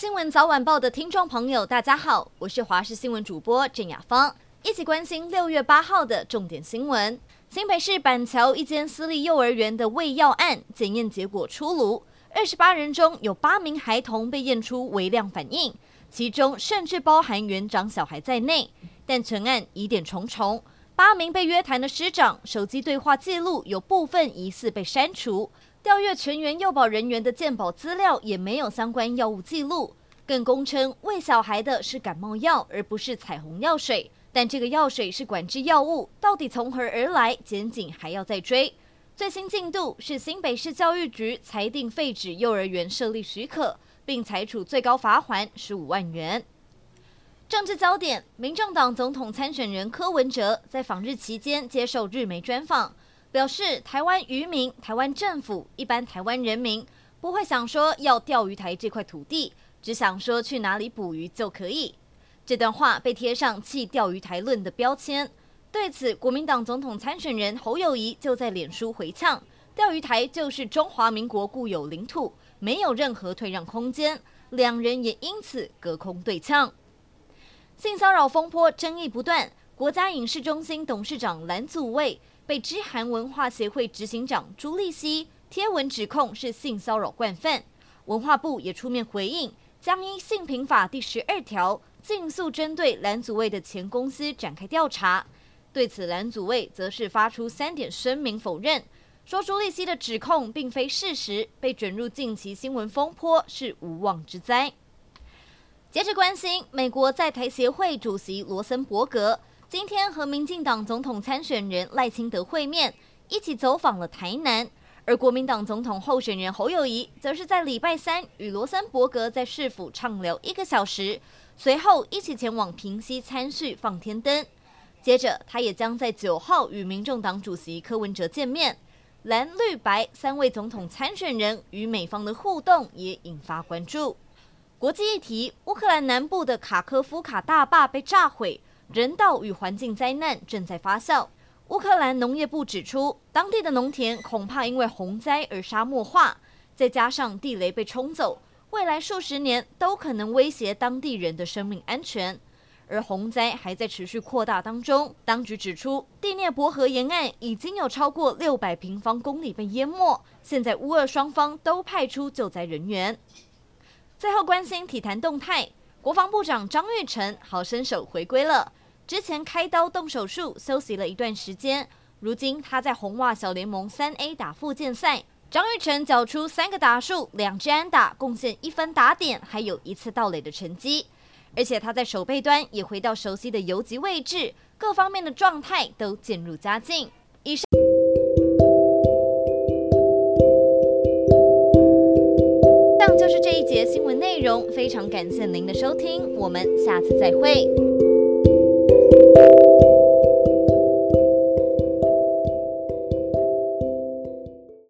新聞早晚報的聽眾朋友，大家好，我是華視新聞主播鄭雅芳，一起關心六月八號的重點新聞。新北市板橋一間私立幼兒園的餵藥案檢驗結果出爐，二十八人中有八名孩童被驗出微量反應，其中甚至包含園長小孩在內，但全案疑點重重。八名被約談的師長手機對話記錄有部分疑似被刪除。調閱全員幼保人員的健保資料，也沒有相關藥物記錄。更供稱喂小孩的是感冒藥，而不是彩虹藥水。但這個藥水是管制藥物，到底從何而來？檢警還要再追。最新進度是新北市教育局裁定廢止幼兒園設立許可，并裁處最高罰鍰十五萬元。政治焦點：民眾黨總統參選人柯文哲在訪日期間接受日媒專訪。表示，台灣漁民、台灣政府、一般台灣人民不會想說要釣魚台這塊土地，只想說去哪裡捕魚就可以。這段話被貼上棄釣魚台論的標籤。對此，國民黨總統參選人侯友宜就在臉書回嗆：“釣魚台就是中華民國固有領土，沒有任何退讓空間。”兩人也因此隔空對嗆。性騷擾風波爭議不斷，國家影視中心董事長藍祖蔚，被知韓文化協會執行長朱立熙貼文指控是性騷擾慣犯，文化部也出面回應，將依《性平法》第十二條，盡速針對藍祖蔚的前公司展開調查。對此，藍祖蔚則是發出三點聲明否認，說朱立熙的指控並非事實，被捲入近期新聞風波是無妄之災。接著關心美國在台協會主席羅森伯格。今天和民進黨總統參選人賴清德會面，一起走訪了台南。而國民黨總統候選人侯友宜則是在禮拜三與羅森伯格在市府暢聊一個小時，隨後一起前往平溪餐敘放天燈。接着，他也將在九號與民眾黨主席柯文哲見面。藍綠白三位總統參選人與美方的互動也引發關注。國際議題：烏克蘭南部的卡科夫卡大壩被炸毀。人道與環境災難正在發酵。烏克蘭農業部指出，當地的農田恐怕因為洪災而沙漠化，再加上地雷被沖走，未來數十年都可能威脅當地人的生命安全。而洪災還在持續擴大當中，當局指出，第聶伯河沿岸已經有超過六百平方公里被淹沒。現在烏俄雙方都派出救災人員。最後關心體壇動態，國防部長張玉成好身手回歸了。之前開刀動手術，休息了一段時間。如今他在紅襪小聯盟三 A 打復健賽，張育成繳出三個打數，兩支安打，貢獻一分打點，還有一次盜壘的成績。而且他在守備端也回到熟悉的游擊位置，各方面的狀態都漸入佳境。以上就是這一節新聞內容，非常感謝您的收聽，我們下次再會。